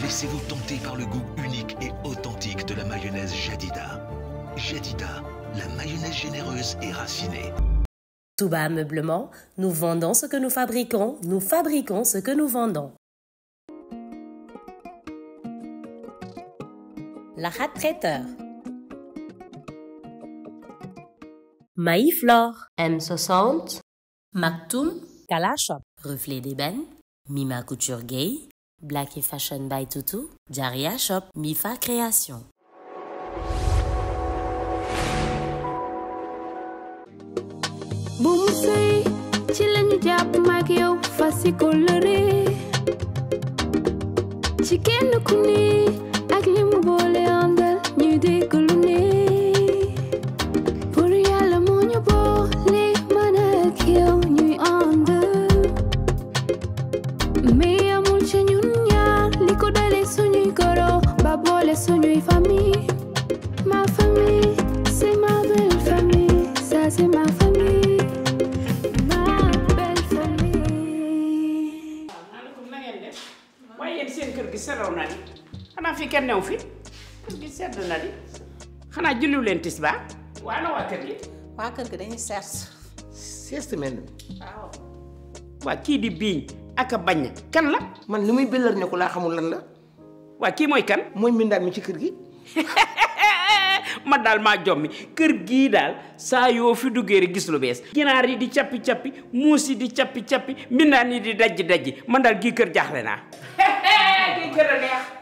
Laissez-vous tenter par le goût unique et authentique de la mayonnaise Jadida. Jadida, la mayonnaise généreuse et racinée. bas Meublement, nous vendons ce que nous fabriquons, nous fabriquons ce que nous vendons. La Traiteur Maiflor M60 Maktoum Kalashop Refle de Ben Mima Koutour Gay Black & Fashion by Toutou Djaria Shop Mifa Kreasyon Mifa Kreasyon kenn new fi kër gi sedd na li xana julliw len tisba wa waa na wa kër gi waa kër gi dañuy mel ni waaw di biñ ak bañ kan la man limuy muy bëllër ne ko la xamul lan la wa ki moy kan moy mindal mi ci kër gi ma dal ma jommi kër gi dal sa yo fi duggee rek gis lu bes ginar yi di cappi-cappi musi di cappi-cappi mbindaan yi di dajji-dajji man dal gi kër jaaxle naa gii kër neex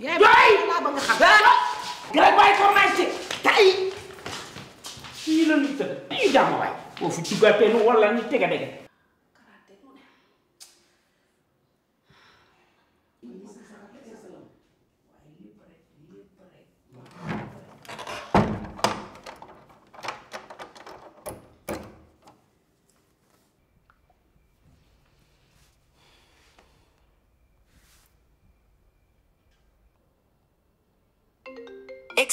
yaay ba nga xam dara gërëm waay commencé tay fii la ñuy tëdd dañuy jàmm waay boo fu jugatee nu wala ñu tega dege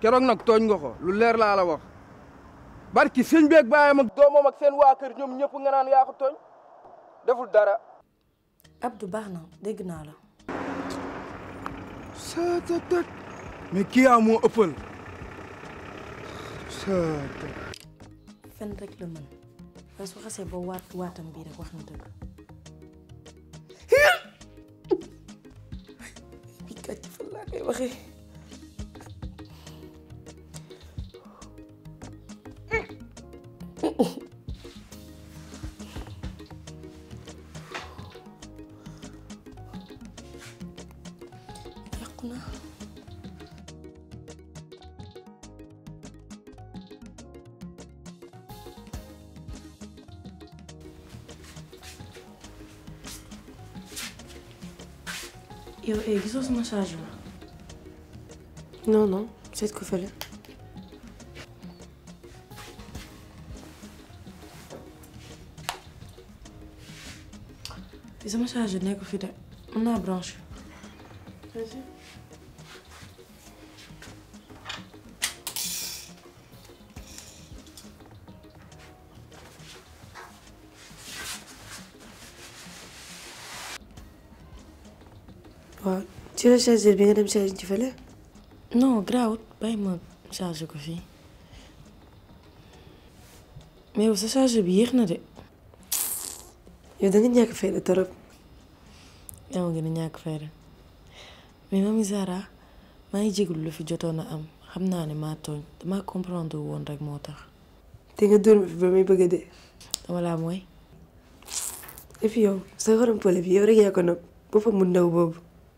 keroog nag tooñ nga ko lu leer laa la wax ki sëñ beeg baayam ak doomam ak seen waa ñoom ñëpp nga naan yaa ko tooñ deful dara. Abdou baax na dégg naa la. saa ta tak mais kii yaa moo ëppal. saa ta. fen rek la mën fa su xasee ba waatam bii rek wax na dëgg. bii kàcc fan laa koy waxee. Eu, eu quis fazer uma Não, não. Sei o que eu falei. Fiz uma charge, né, que eu fiz. Não é branche. Fazer? ci rechargeur bi nga dem charge ci fële. non grawut bàyyi ma charge ko fii mais sa chargeur bi yéex na de. yow da nga ñàkk fayda torop. yaa ma gën a ñàkk fayda mais mami Zara maa ngi jégul lu fi jotoon a am xam naa ne maa tooñ damaa comprendre woon rek moo tax. te nga dóor ma fi ba muy bëgg a dee. mooy. et puis yow pole bi yow rek yaa ko nopp boppam mu ndaw boobu.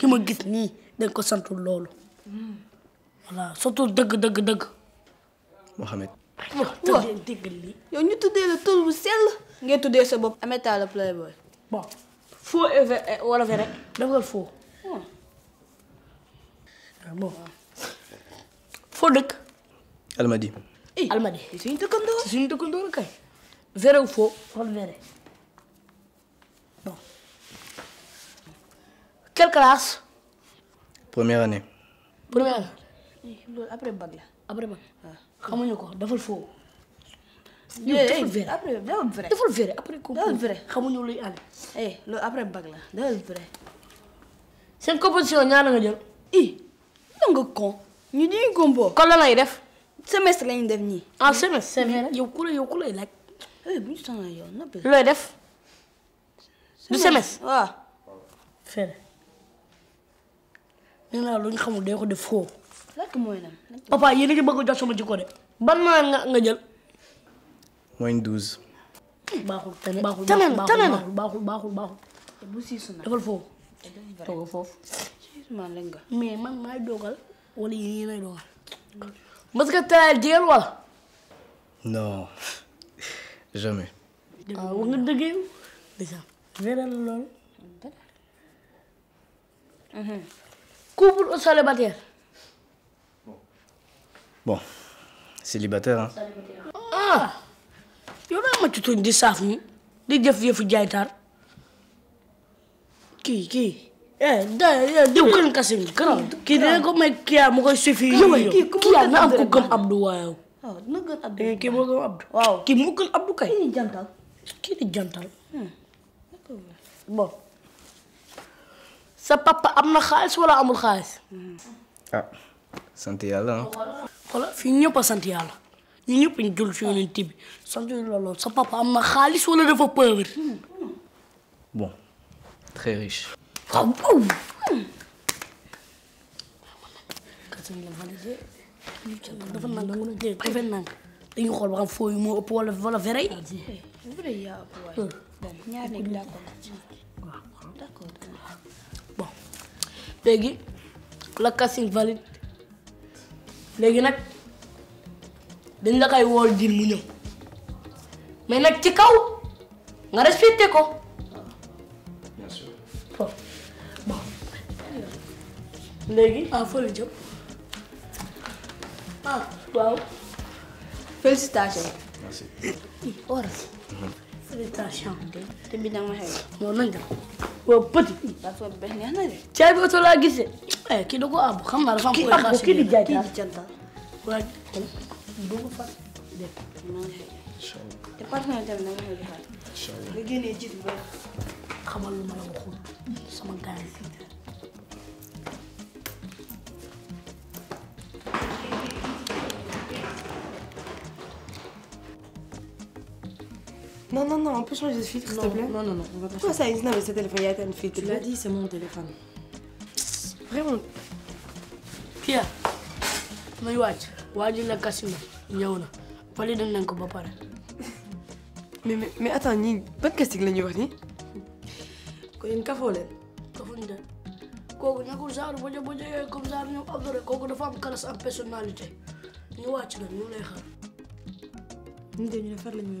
ki ma gis nii dañ ko santu loolu voilà surtout dëgg dëgg dëgg. Mohamed. waaw yow ñu tuddee la tur bu sell. ngeen tuddee sa bopp. Ahmed Talla Playboy. bon faux eh, wala vrai rek dafa faux. Ah, bon foo Almadi. Eh, Almadi suñu dëkkandoo suñu dëkkandoo kay. vrai ou faux wala Quel classe Première année. Première Après bagla là. Après bac. xamuñu ko defal foofu. yow defal vrai après defal vrai. defal vrai après ko defal vrai xamuñu luy ànd. eh loolu après bac la defal vrai. seen composition ñaata nga jël. i da nga con. ñu di compo. kon lan lay def. semestre lañu def ñii. ah semestre. yow ku la yow ku lay laaj. bu ñu sonal yow looy def. du semestre waaw. fenn. nee naa lu ñu xamul day ko def foo. lakk mooy lan. papa yéen a ngi bëgg a jox sama jikko de ban nga jël. mooy douze. baaxul tane ba tane baaxul baaxul baaxul baaxul. Eh, bu foofu. mais man maay dogal wala yéen ay dogal. parce que tëraay jigéen wala. non jamais. ah wax nga dëgg yow. dèjà. loolu. Couple ou célibataire Bon, célibataire, hein Célibataire. Ah Yow daa ma ci tuñ di est-ce Qui, jëf Qui? Qui? est-ce eh diw gën Qui est-ce dina ko may Qui est-ce Qui, kiyaa na Qui ko ce Abdou waaw kii Qui est Abdou waaw Qui est Qui est kay kii di jantal hmm. bon sa papa am na xaalis wala amul xaalis. ah sant yàlla ah. xoolal fii ñëpp a sant yàlla ñu ñëpp ñu jël ci yonent bi sant yàlla lool sa papa am na xaalis wala dafa pauvre. bon très riche. ah bon. dafa nang dafa nang dafa nang dañu xool ba xam fooy moo ëpp wala wala vrai. ñaar nekk d'accord d'accord. léegi la casting valide léegi nag dañ la koy wool diin mu ñëw mais nag ci kaw nga respecté ko léegi ah fële ah waaw félicitations mhm. te bi dama xew noonu nañ dem dafa petit. dafa bëri neex na de. caay bi oto laa gisee. Eh, kii da ko àbb xam naa dafa am. kii àbb kii di jaay kii di jantal. waaye doo ko fàtte. te partenaire tamit da nga koy joxaat. nga génnee jiitu ma la waxoon sama gars Non, non, non, on peut changer de filtre, s'il te plaît. Non, non, non, on va pas Pourquoi ça Non, mais ce téléphone, il y a un filtre. Tu l'as dit, c'est mon téléphone. Vraiment. Pia, watch. Wadi na kasima, nyauna. Pali dan ko ba Mais mais mais attends, ni casting wax ni? Ko une de. comme une am personnalité. Ñu la ñu lay xaar. ne une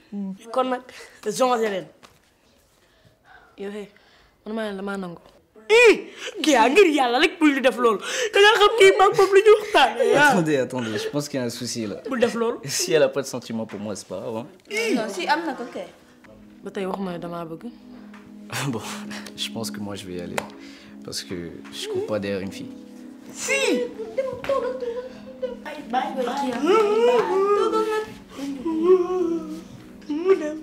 kon nag jonge leen yow hey man maa ne damaa nangu kii yaa a yàlla rek bul di def loolu da nga xam kii mag moom lu ñu waxtaanee. attendez attendez je pense qu'il y a un souci là. bul def loolu. si elle a pas de sentiment pour moi c'est pas grave. Hein. non si Amna na ko kay. ba tey wax ma ne bëgg. Ah bon je pense que moi je vais y aller parce que je cours pas derrière une fille. si. bàyyi bàyyi मुनम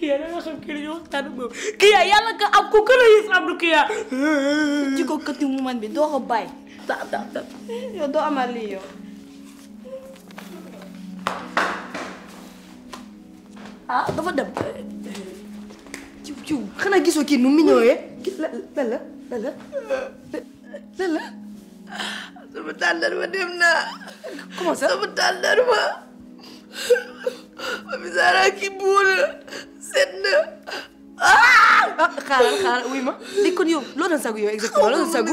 कियारा सब के जो तानु किया ke aku kan कर ये सब किया चिको कति मुमान बे दो बाय tap tap tap yo do amali yo ah dafa dem ciw ciw kena gisoo kii nu mi ñëwee la la la la la la la sama tàndar ma dem naa comment ma آه، ما بزاركي بولا سنة خارا خارا ويما ديكون يوم لو نساقو يو اكزاكتو لو نساقو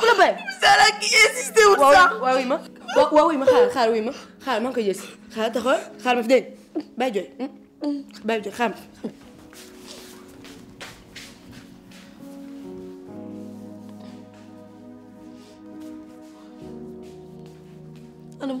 كل باي بزاركي إيه، يسي تورسا واويما واويما خارا خارا ويما خارا مانكو يسي خارا تخور خارا مفدين باي جوي باي جوي خارا أنا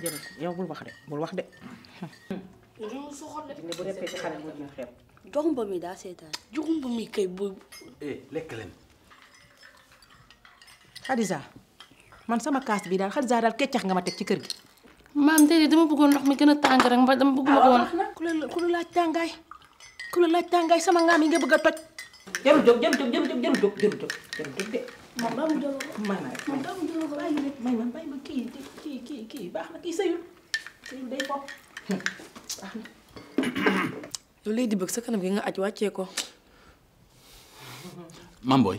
jërëjëf yow bul wax de bul wax de. yow soxor de. bu dee ci xale bu ñu xeeb. joxumba mi daa bu. eh lekk leen. man sama kaas bi daal Xadisa daal keccax nga ma teg ci kër gi. maam déedéet dama bëggoon ndox mi gën a tàng rek ma dama bëgguma ko woon. Ah, ku la ku la ku la laaj tàngaay sama ngaam yi nga bëgg a toj. jarul jóg jarul jóg jarul jóg jarul jóg jarul jóg de. man baamu jarul ko man baamu jarul ko bàyyi ma ma kii Iki, iki, kii baax na kii day fo baax lay di bëgg sa kanam gi nga acc wàccee ko mam boy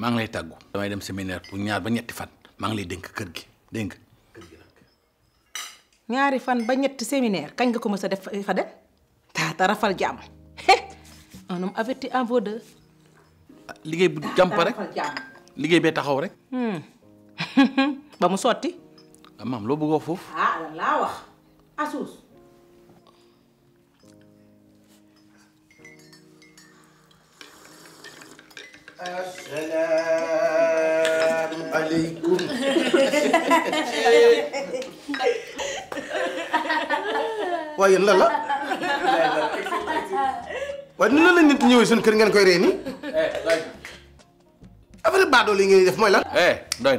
ma ngi lay taggu damay dem séminaire pour ñaar ba ñetti fan ma ngi lay dénk kër gi dénk kër gi nag ñaari fan ba ñetti séminaire kañ nga ko mësa def fa dem ta rafal jam un homme averti en vaut deux liggéey bu jàmp rek liggéey bee taxaw rek ba mu soti maam lo bëgg wax ah lan laa wax Asous. asalaamualeykum. lala? yéen lan la. waaye ya, nan la nit ñëwee suñu kër ngeen koy rey nii. affaire baadoo li ngeen def lan. eh doy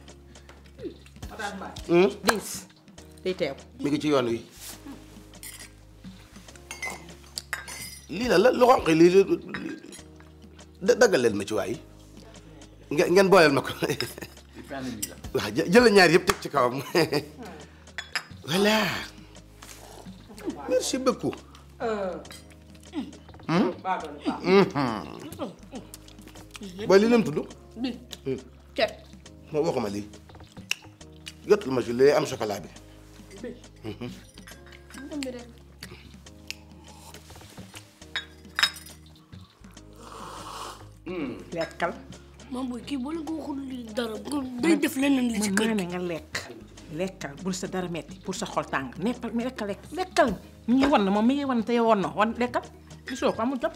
mu ngi ci yoon wi. lii la la lu xonq lii daggal leen ma ci waay ngeen ngeen booleel ma ko. waaw jë jël ñaar yëpp teg ci kawam. voilà. merci beaucoup. waaye li leen tudd. bi hmm. ceeb. ma lii. jotul ma si léegi lekkal. maam kii boo leen ko li ci kër gi. lekk. lekkal bul sa dara metti pour sa xol tàng nekkal mi lekkal lekk lekkal mi ngi wan moom mi ngi wan te yow wan na wan lekkal ko amul jot.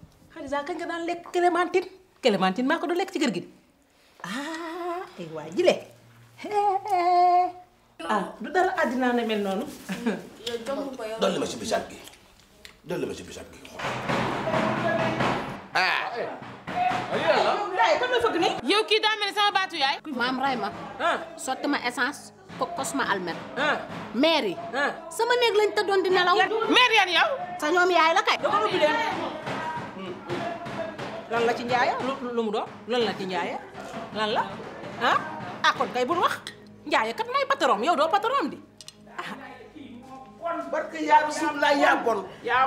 Farisa kañ nga daan lekk clémentine clémentine maa ko doon lekk ci kër gi ah ay waa ji le ah du dara àddinaa na mel noonu. dolli ma si bisaab gi dolli ma si bisaab gi. ah. yow kii daa mel ni sama baatu yaay. maam ray ma. Ah. sotti ma essence ko kos ma almet. Ah. maire yi. Ah. sama néeg lañ ta doon di nelaw. maire yan yow. sa ñoom yaay la kay. lan la ci njaaya lu mu do lan la ci njaaya lan la ah ah kon kay bu wax njaaya kat may patron yow do patron di ah barke yaa la ya bon ya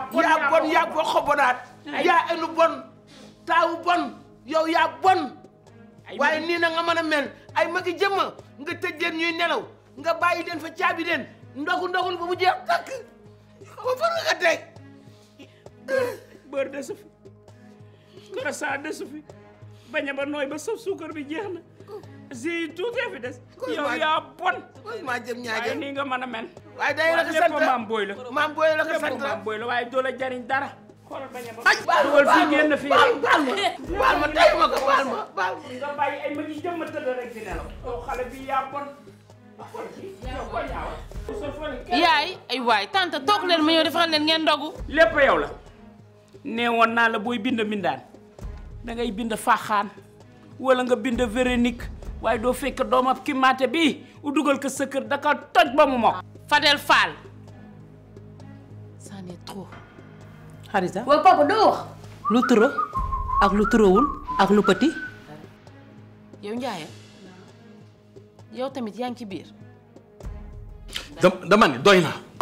bon ya bon xobonat ya elu bon taawu bon yow ya bon waye ni na nga mën mel ay magi jëmma nga tëj ñuy nelaw nga bayyi den fa ciabi den ndogu ndogul bu mu jeex takk ko fa nga tek bër de suuf xasaa desu fi bañ ba noy ba saf suukar bi jeex na si tuutee fi des. yow ya bon. ma jëm ñaajal waaye nga mëna mel. way day la ko sant waaye maam booy la. maam boy la ko sant la maam la waaye doo la jariñ dara. xoolal bañ ba. ay baal ma baal ma ma baal ma tey ma ko baal ma baal ma. nga bayyi ay ma ci jëmm tëdd rek di nelaw. yow xale bi yaa bon. yaay ay waay tante toog leen ma ñëw defal leen ngeen ndogu. lépp yow la. nee woon naa la booy bind mbindaan da ngay bind wala nga bind Véronique waaye doo fekk doomam ki maate bi u dugal ko sa kër da ko toj ba Fadel Fall. ça n'est trop. Xarisa papa lu ak lu tu ak lu petit. yow njaaye yow tamit yaa ci biir. dama ne